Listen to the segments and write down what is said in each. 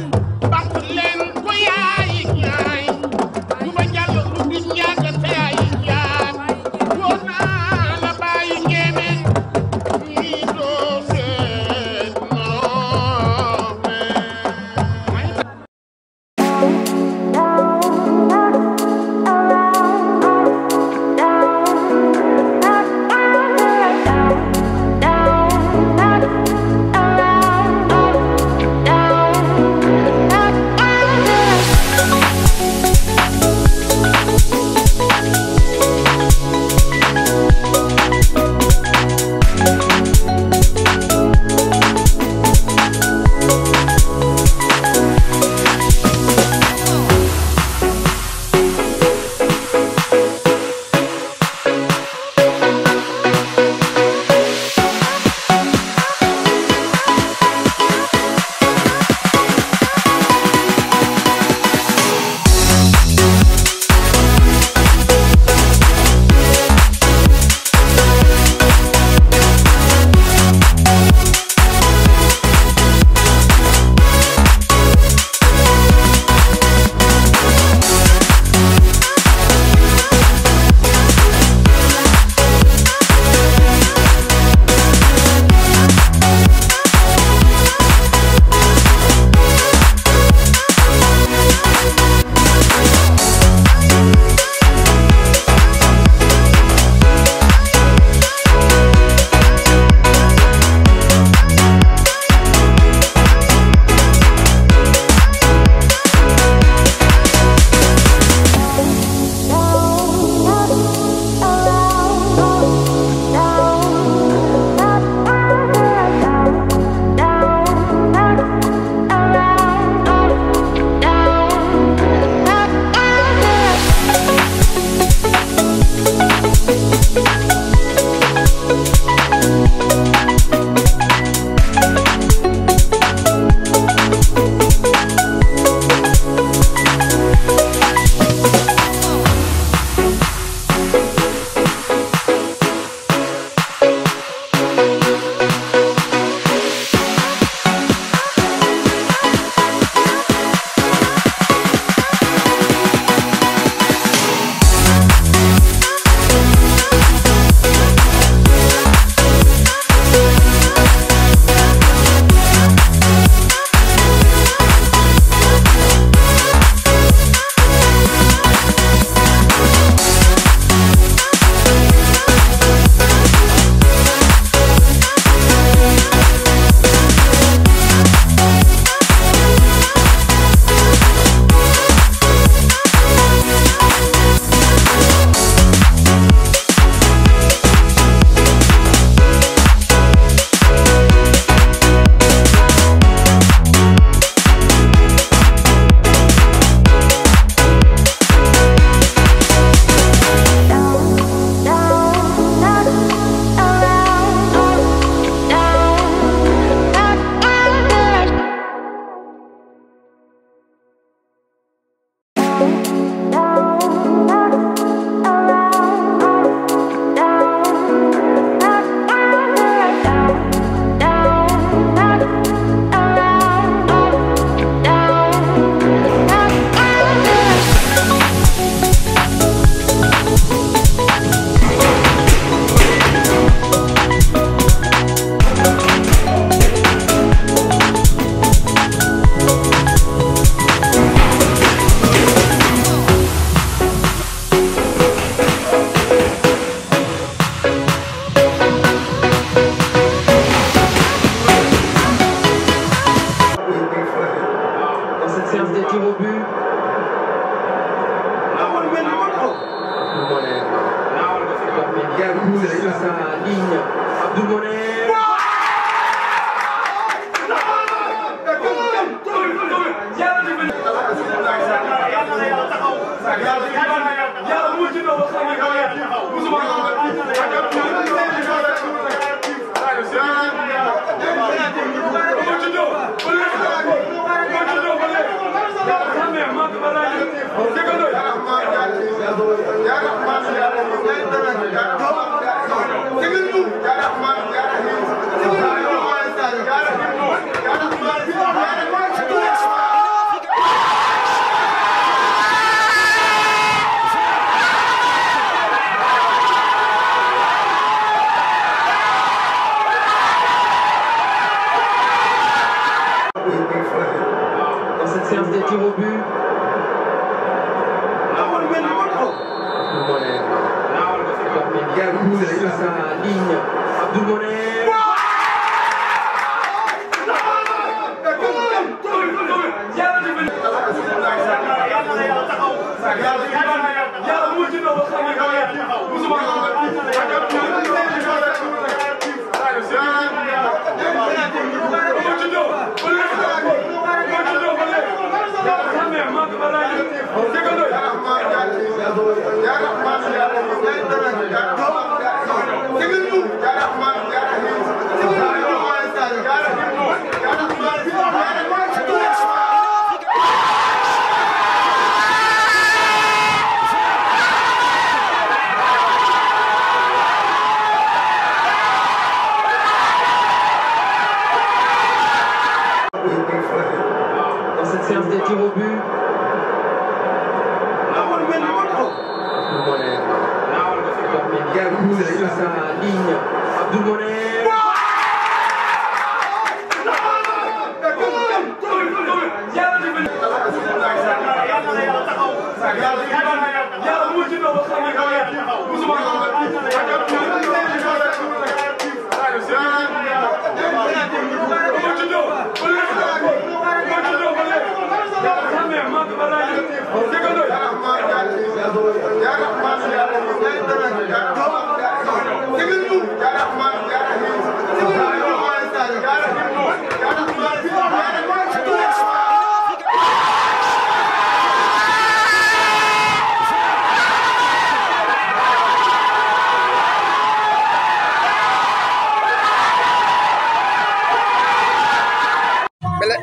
one. Ya Rahman Ya Rahim. Ya Rahman Ya Rahim. essa linha. Abdul Moreira. Thank you. one.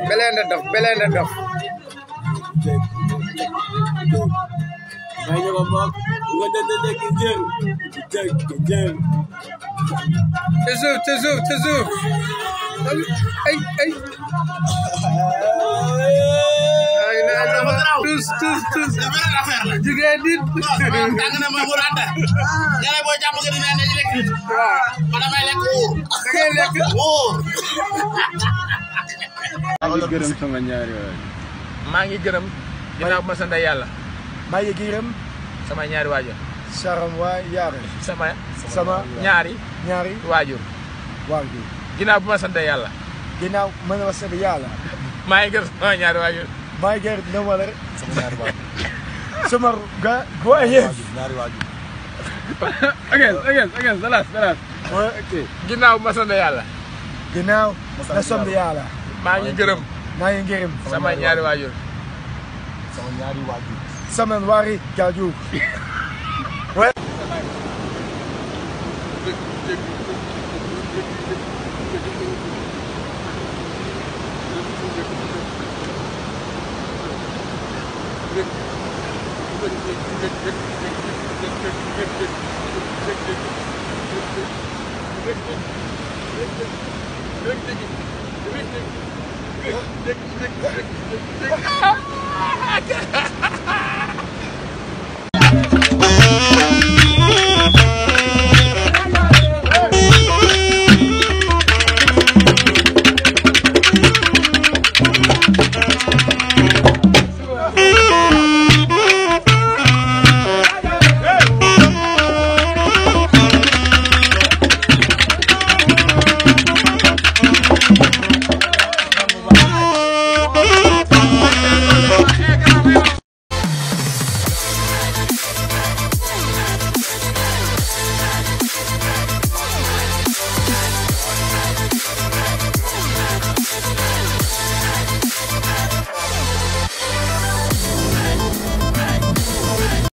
belenda dof belenda dof Banyak apa? Bukan tanda-tanda kejeng Kejeng, kejeng Tezu, Tezu, Tezu. Ay, eh, eh. ay. Ay, nak nama tus tus tus. Juga edit. Tangan nama Murada. Jangan boleh jamu kena anda jelek. Mana main lek ur. Kena lek ur. Maa sama ñaari waajur. Maa ngi gërëm ginnaaw ma sant yàlla. sama ñaari waajur. saram waay yaare sama sama ñaari ñaari waajur waajur ginnaaw bu ma sant yàlla ginnaaw ma ne yàlla maa ngi gërëm sama ñaari waajur maa ngi gërëm sama ga boo yeef ñaari waajur again again again dalas dalas ginnaaw bu ma sant yàlla ginnaaw ma sant yàlla maa ngi gërëm maa ngi gërëm sama ñaari waajur sama ñaari waajur Ha ha ha ha!